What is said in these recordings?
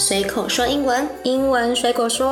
隨口說英文，英文隨口說。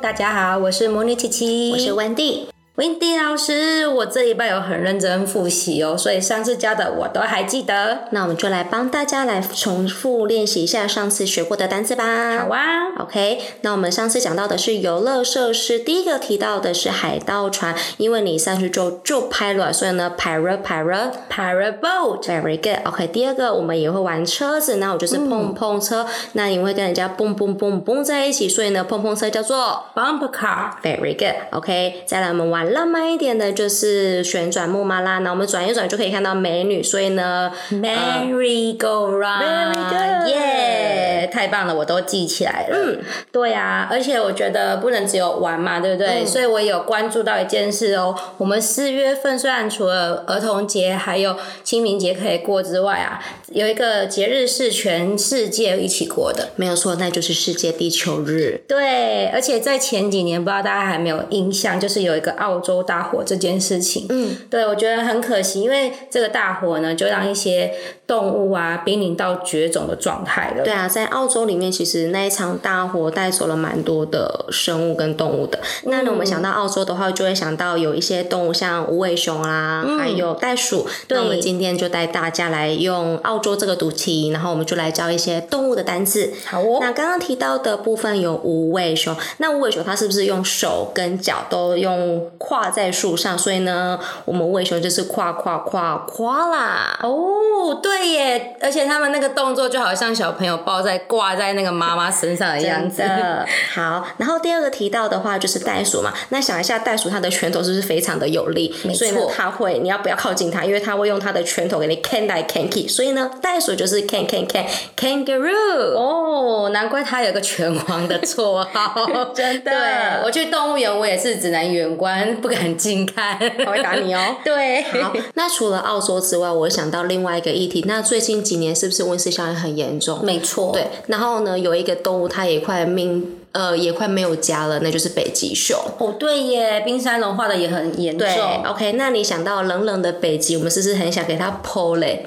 大家好，我是魔女琪琪，我是溫蒂。Wendy 老師，我這禮拜有很認真複習哦，所以上次教的我都還記得。那我們就來幫大家來重複練習一下上次學過的單詞吧。好啊。OK，那我們上次講到的是遊樂設施，第一個提到的是海盜船，因為你上去就就拍了，所以呢，pirate pirate pirate boat，very good。OK，第二個我們也會玩車子，那我就是碰碰車，嗯、那因為跟人家蹦蹦蹦蹦在一起，所以呢，碰碰車叫做 bumper car，very good。OK，再來我們玩。浪漫一點的就是旋轉木馬啦，那我們轉一轉就可以看到美女，所以呢，Merry、啊、Go Round，耶，太棒了，我都記起來了。嗯，對啊，而且我覺得不能只有玩嘛，對不對？嗯、所以我有關注到一件事哦，我們四月份雖然除了兒童節還有清明節可以過之外啊，有一個節日是全世界一起過的，沒有錯，那就是世界地球日。對，而且在前幾年，不知道大家還沒有印象，就是有一個澳。澳洲大火這件事情，嗯，對，我覺得很可惜，因為這個大火呢，就讓一些動物啊瀕臨到絕種的狀態了。對啊，在澳洲裡面，其實那一場大火帶走了蠻多的生物跟動物的。嗯、那我們想到澳洲的話，就會想到有一些動物，像無尾熊啊，嗯、還有袋鼠，對。那我們今天就帶大家來用澳洲這個主題，然後我們就來教一些動物的單字。好哦。那剛剛提到的部分有無尾熊，那無尾熊它是不是用手跟腳都用？跨在樹上，所以呢，我們無尾熊就是跨跨跨跨啦。哦，對耶，而且他們那個動作就好像小朋友抱在掛在那個媽媽身上的樣子。真的。好，然後第二個提到的話就是袋鼠嘛。那想一下，袋鼠它的拳頭是不是非常的有力？沒錯。所以呢，他會，你要不要靠近它？因為它會用它的拳頭給你 can can k e 所以呢，袋鼠就是 can can can kangaroo。哦，難怪它有個拳王的綽號。 真的對。我去動物園，我也是只能遠觀。不敢近看，我會打你哦。 對，好。那除了澳洲之外，我想到另外一個議題。那最近幾年是不是溫室效應很嚴重？沒錯，對。然後呢，有一個動物它也快命，呃，也快沒有家了，那就是北極熊。哦，對耶，冰山融化的也很嚴重。對，okay，那你想到冷冷的北極，我們是不是很想給它剖嘞？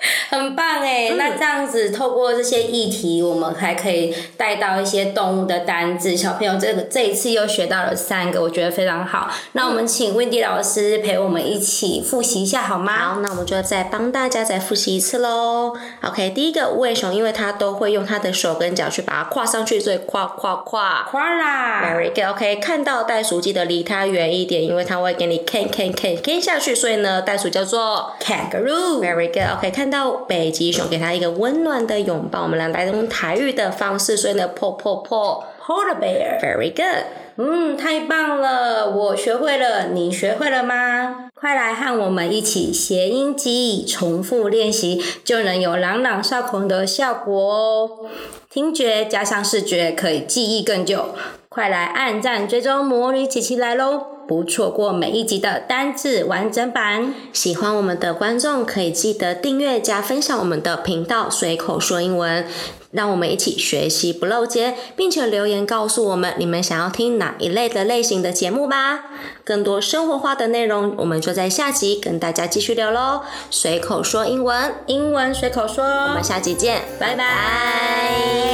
很棒誒、欸嗯，那這樣子透過這些議題，我們還可以帶到一些動物的單字。小朋友這，這個這一次又學到了三個，我覺得非常好。嗯、那我們請 Wendy 老師陪我們一起複習一下好嗎？好，那我們就再幫大家再複習一次嘍。OK，第一個無尾熊，因為它都會用它的手跟腳去把它跨上去，所以跨跨跨跨啦。Very good。OK，看到袋鼠記得離它遠一點，因為它會給你 can can can can 下去，所以呢，袋鼠叫做 kangaroo。Very good。OK，看到。北極熊給它一個溫暖的擁抱。我們來大家用台語的方式，所以呢，po po po polar bear，very good，嗯，太棒了，我學會了，你學會了嗎？快來和我們一起諧音記憶，重複練習就能有朗朗上口的效果哦。聽覺加上視覺，可以記憶更久。快來按讚追蹤，魔女琪琪來嘍！不錯過每一集的單字完整版，喜歡我們的觀眾可以記得訂閱加分享我們的頻道。隨口說英文，讓我們一起學習不漏接，並且留言告訴我們你們想要聽哪一類的類型的節目吧。更多生活化的內容，我們就在下集跟大家繼續聊嘍。隨口說英文，英文隨口說，我們下集見，拜拜。